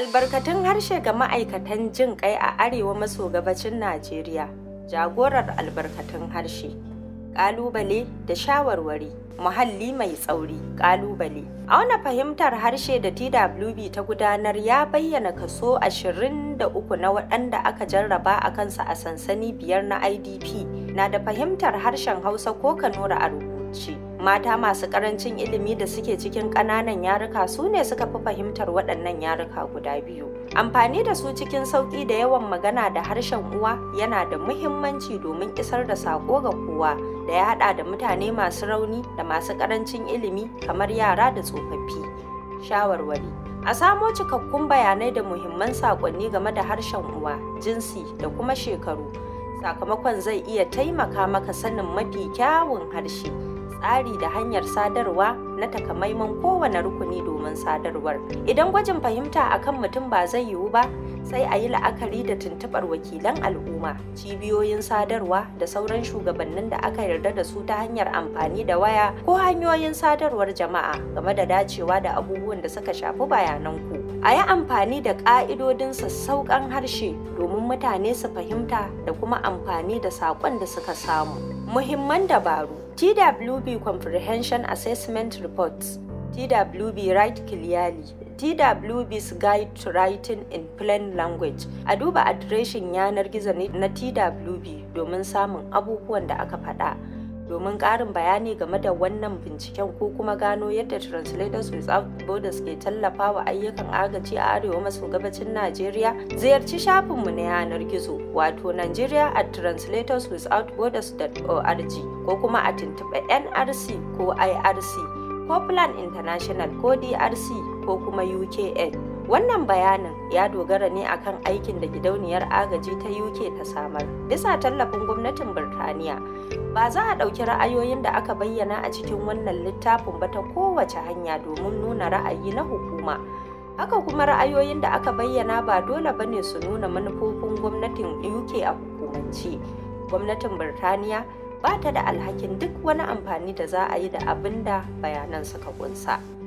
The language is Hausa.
Albarkatun harshe ga ma'aikatan jin kai a arewa maso gabacin Najeriya, jagorar albarkatun harshe, ƙalubale da shawarwari, muhalli mai tsauri, ƙalubale. Auna fahimtar harshe da TWB ta gudanar ya bayyana kaso 23 na waɗanda aka jarraba a kansa a sansani biyar na IDP na da fahimtar harshen Hausa ko Kanura a rubuce. mata masu karancin ilimi da suke cikin ƙananan yaruka su ne suka fi fahimtar waɗannan yaruka guda biyu amfani da su cikin sauƙi da yawan magana da harshen uwa yana da muhimmanci domin isar da sako ga kowa da ya haɗa da mutane masu rauni da masu ƙarancin ilimi kamar yara da tsofaffi shawarwari a samo cikakkun bayanai da muhimman saƙonni game da harshen uwa jinsi da kuma shekaru sakamakon zai iya taimaka maka sanin mafi kyawun harshe tsari da hanyar sadarwa na takamaiman kowane rukuni domin sadarwar idan gwajin fahimta a kan mutum ba zai yiwu ba sai a yi la'akari da tuntuɓar wakilan al'umma cibiyoyin sadarwa da sauran shugabannin da aka yarda da su ta hanyar amfani da waya ko hanyoyin sadarwar jama'a game da dacewa da abubuwan da suka shafi bayananku a yi amfani da ƙa'idodin sassauƙan harshe domin mutane su fahimta da kuma amfani da saƙon da suka samu muhimman dabaru TWB Comprehension Assessment reports TWB write clearly. TWB's Guide to Writing in Plain Language. A duba adireshin yanar gizo na TWB domin samun abubuwan da aka faɗa. Domin ƙarin bayani game da wannan binciken ko kuma gano yadda Translators Without Borders ke tallafawa ayyukan agaji a arewa maso gabacin Najeriya, ziyarci shafinmu na yanar gizo wato Nigeria at translators without borders.org ko kuma a tuntuɓa NRC ko IRC. copeland International ko DRC ko kuma UKN. Wannan bayanin ya dogara ne akan aikin da gidauniyar agaji ta UK ta samar bisa tallafin gwamnatin Birtaniya. Ba za a ɗauki ra'ayoyin da aka bayyana a cikin wannan littafin ba ta kowace hanya domin nuna ra'ayi na hukuma. Haka kuma ra'ayoyin da aka bayyana ba dole ba ne su nuna manufofin gwamnatin UK a hukumance. Gwamnatin Birtaniya ba ta da alhakin duk wani amfani da za a yi da abin da bayanan suka kunsa.